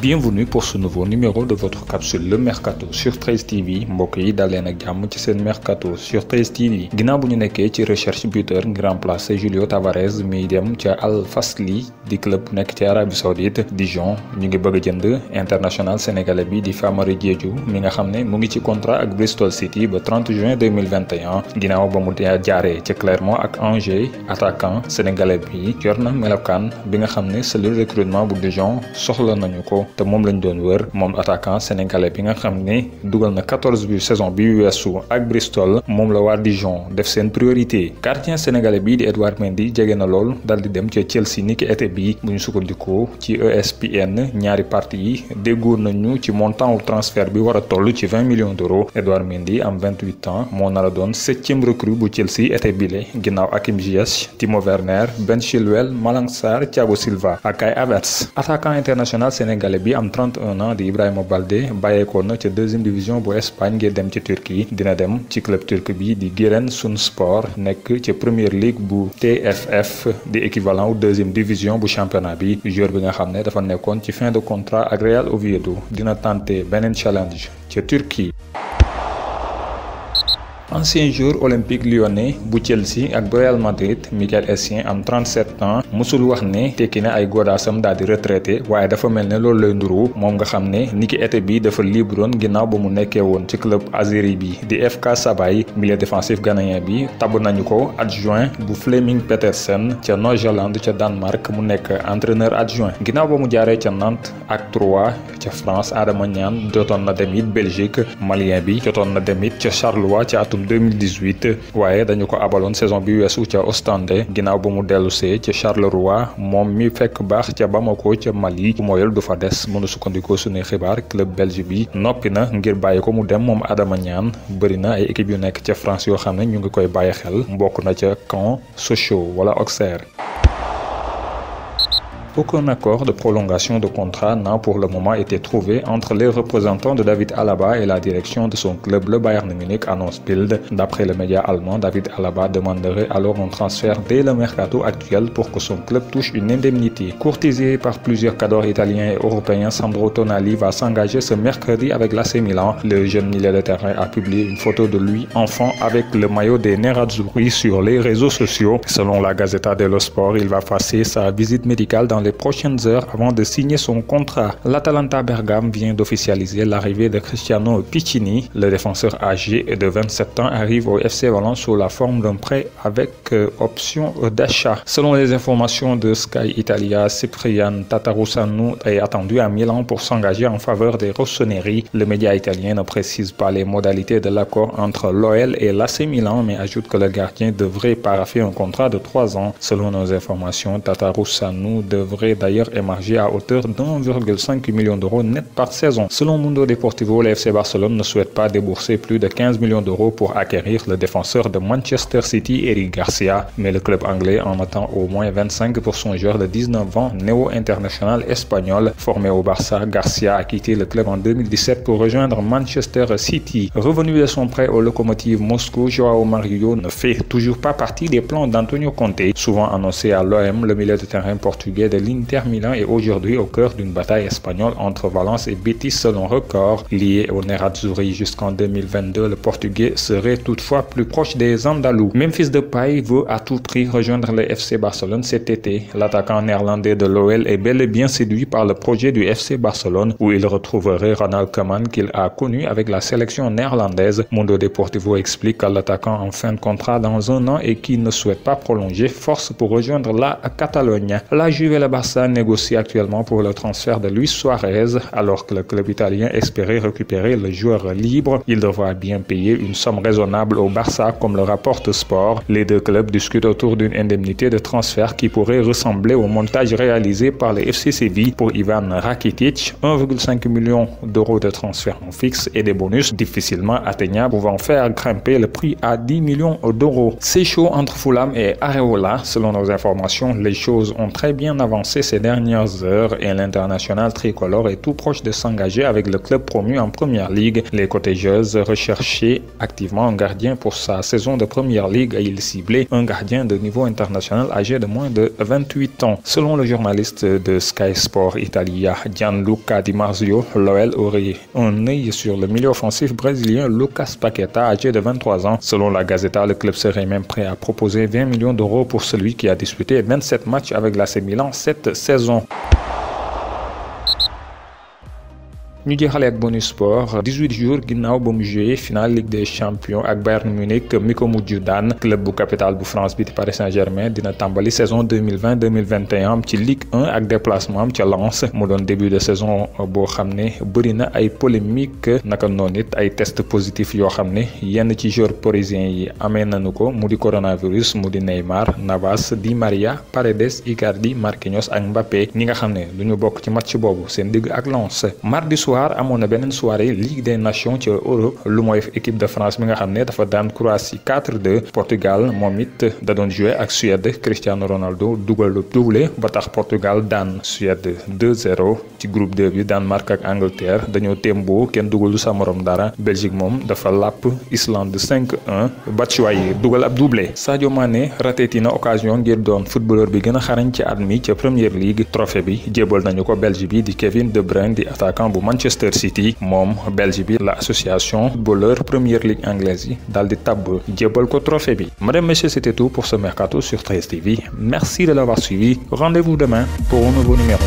bienvenue pour ce nouveau numéro de votre capsule le mercato sur 13 TV mbokk yi dal ak ci sen mercato sur 13 TV Ginaaw buñu nekké ci recherche buteur ngi remplacer Julio Tavares mi dem ci Al Fasli di club nek ci Arabie Saoudite Dijon ñu ngi bëgg jënd international sénégalais bi di Famara Diédhiou mi nga xamné mu ngi ci contrat ak Bristol City ba 30 juin 2021 Ginaaw ba mu jaaree ci Clermont ak Angers attaquant sénégalais bi yor na bi nga xamné ne cellule recrutement bu Dijon soxla nañu ko te mom lañ doon wër mom attaquant sénégalais bi nga xam ne dugal na 14 buts saison bi weesu ak Bristol mom la war Dijon def seen priorité gardien sénégalais bi di Edouard Mendy jege na lool dal di dem ca Chelsea niki été bi bu ñu sukkandikoo ci ESPN ñaari parti yi déggoo nañu ci montant au transfert bi war a ci 20 millions d'euros Edouard Mendy en 28 ans moo nar a doon septième recrue bu Chelsea été bile ginnaaw Hakim Ziyech Timo Werner Ben Chilwell Malang Sar, Thiago Silva ak ay attaquant international sénégalais bi am 31 ans di Ibrahima Baldé bàyyeekoon na ci deuxième division bu Espagne ngir dem ci Turquie dina dem ci club turc bi di Giresunspor nek ci première ligue bu TFF di équivalent au deuxième division bu championnat bi joueur bi nga xam dafa nekkoon ci fin de contrat ak Real Oviedo dina tenter benen challenge ci Turquie ancien joueur olympique lyonnais bu Chelsea ak Madrid michael Essien am 37 ans musul wax ne tekki na ay di retraité waye dafa melne lolou lay nduru nga niki été bi dafa Libron, ginaaw ba mu ci club bi di FK Sabay milieu défensif ghanéen bi tabu nañu ko adjoint bu Peterson, Petersen ca Noord-Jylland Danemark mu entraîneur adjoint ginaaw ba mu Nantes ak 3 France Adama Niane jotoon na dem it Belgique malien bi jotoon na dem it Charleroi atum 2018 waaye dañu ko abaloon saison bi weesu ca Ostende ginnaaw bu mu dellusee ca Charleroi moom mi fekk baax ca Bamako ca Mali bu moyal du fa des mënu sukkandikoo suñuy xibaar club belge bi noppi na ngir bàyyi ko mu dem moom Adama Niane bëri na ay équipe yu nekk ca France yoo xam ne ñu ngi koy bàyyi xel mbokk na ca Caen Sochaux wala Auxerre Aucun accord de prolongation de contrat n'a pour le moment été trouvé entre les représentants de David Alaba et la direction de son club, le Bayern Munich, annonce Bild. D'après le média allemand, David Alaba demanderait alors un transfert dès le mercato actuel pour que son club touche une indemnité. Courtisé par plusieurs cadors italiens et européens, Sandro Tonali va s'engager ce mercredi avec l'AC Milan. Le jeune milieu de terrain a publié une photo de lui enfant avec le maillot des Nerazzurri sur les réseaux sociaux. Selon la Gazzetta dello Sport, il va passer sa visite médicale dans les prochaines heures avant de signer son contrat. L'Atalanta Bergame vient d'officialiser l'arrivée de Cristiano Piccini. Le défenseur âgé de 27 ans arrive au FC Valence sous la forme d'un prêt avec euh, option d'achat. Selon les informations de Sky Italia, Cyprian Tatarusanu est attendu à Milan pour s'engager en faveur des Rossoneri. Le média italien ne précise pas les modalités de l'accord entre l'OL et l'AC Milan, mais ajoute que le gardien devrait paraffer un contrat de 3 ans. Selon nos informations, Tatarusanu devrait devrait d'ailleurs émerger à hauteur d'1,5 million d'euros net par saison. Selon Mundo Deportivo, le FC Barcelone ne souhaite pas débourser plus de 15 millions d'euros pour acquérir le défenseur de Manchester City, Eric Garcia, mais le club anglais en attend au moins 25 pour joueur de 19 ans, néo-international espagnol, formé au Barça. Garcia a quitté le club en 2017 pour rejoindre Manchester City. Revenu de son prêt au Lokomotiv Moscou, Joao Mario ne fait toujours pas partie des plans d'Antonio Conte, souvent annoncé à l'OM, le milieu de terrain portugais des l'Inter Milan est aujourd'hui au cœur d'une bataille espagnole entre Valence et Betis selon record. Lié au Nerazzurri jusqu'en 2022, le Portugais serait toutefois plus proche des Andalous. Memphis Depay veut à tout prix rejoindre le FC Barcelone cet été. L'attaquant néerlandais de l'OL est bel et bien séduit par le projet du FC Barcelone où il retrouverait Ronald Koeman qu'il a connu avec la sélection néerlandaise. Mundo Deportivo explique à l'attaquant en fin de contrat dans un an et qui ne souhaite pas prolonger force pour rejoindre la Catalogne. La Juve Barça négocie actuellement pour le transfert de Luis Suarez, alors que le club italien espérait récupérer le joueur libre. Il devra bien payer une somme raisonnable au Barça, comme le rapporte Sport. Les deux clubs discutent autour d'une indemnité de transfert qui pourrait ressembler au montage réalisé par les FC Séville pour Ivan Rakitic, 1,5 million d'euros de transfert en fixe et des bonus difficilement atteignables pouvant faire grimper le prix à 10 millions d'euros. C'est chaud entre Fulham et Areola. Selon nos informations, les choses ont très bien avancé ces dernières heures et l'international tricolore est tout proche de s'engager avec le club promu en première ligue. Les cotégeuses recherchaient activement un gardien pour sa saison de première ligue et ils ciblaient un gardien de niveau international âgé de moins de 28 ans. Selon le journaliste de Sky Sport Italia, Gianluca Di Marzio, Loel aurait un œil sur le milieu offensif brésilien Lucas Paqueta, âgé de 23 ans. Selon la Gazeta, le club serait même prêt à proposer 20 millions d'euros pour celui qui a disputé 27 matchs avec l'AC Milan cette saison. ñu jeexale ak bonus sport 18 jours ginnaaw ba mu joué finale Ligue des champions ak Bayern Munich mi ko mujj club bu capital bu France bi di Paris Saint-Germain dina tàmbali saison 2020 2021 ci Ligue 1 ak déplacement am ca Lens mu doon début de saison boo xam ne bëri na ay polémique naka noonu it ay test positif yoo xam ne yenn ci joueurs parisiens yi amee nañu ko mu di coronavirus mu di Neymar Navas Di Maria Paredes Icardi Marquinhos ak Mbappé ñi nga xam ne ñu bokk ci match boobu seen digg ak mardi soir soir amoon na beneen soirée Ligue des Nations ca Europe lu mooy équipe de France mi nga xam ne dafa daan Croatie 4-2 Portugal moom it da doon joué ak Suède Cristiano Ronaldo dugal ba tax Portugal daan Suède 2-0 ci groupe de bi Danemark ak Angleterre dañoo témboo kenn dugalu sa morom dara Belgique moom dafa làpp Islande 5-1 Batshuayi dugal ab doublé Sadio Mané rateeti na occasion ngir doon footballeur bi gën a xarañ ci at mi ca Premier League trophée bi jébal Manchester City Mom, Belgique, l'association, la Premier League anglaise dans le tableau Diabolco, jébbal ko trophée bi madame monsieur c'était tout pour ce mercato sur Trace TV merci de l'avoir suivi rendez-vous demain pour un nouveau numéro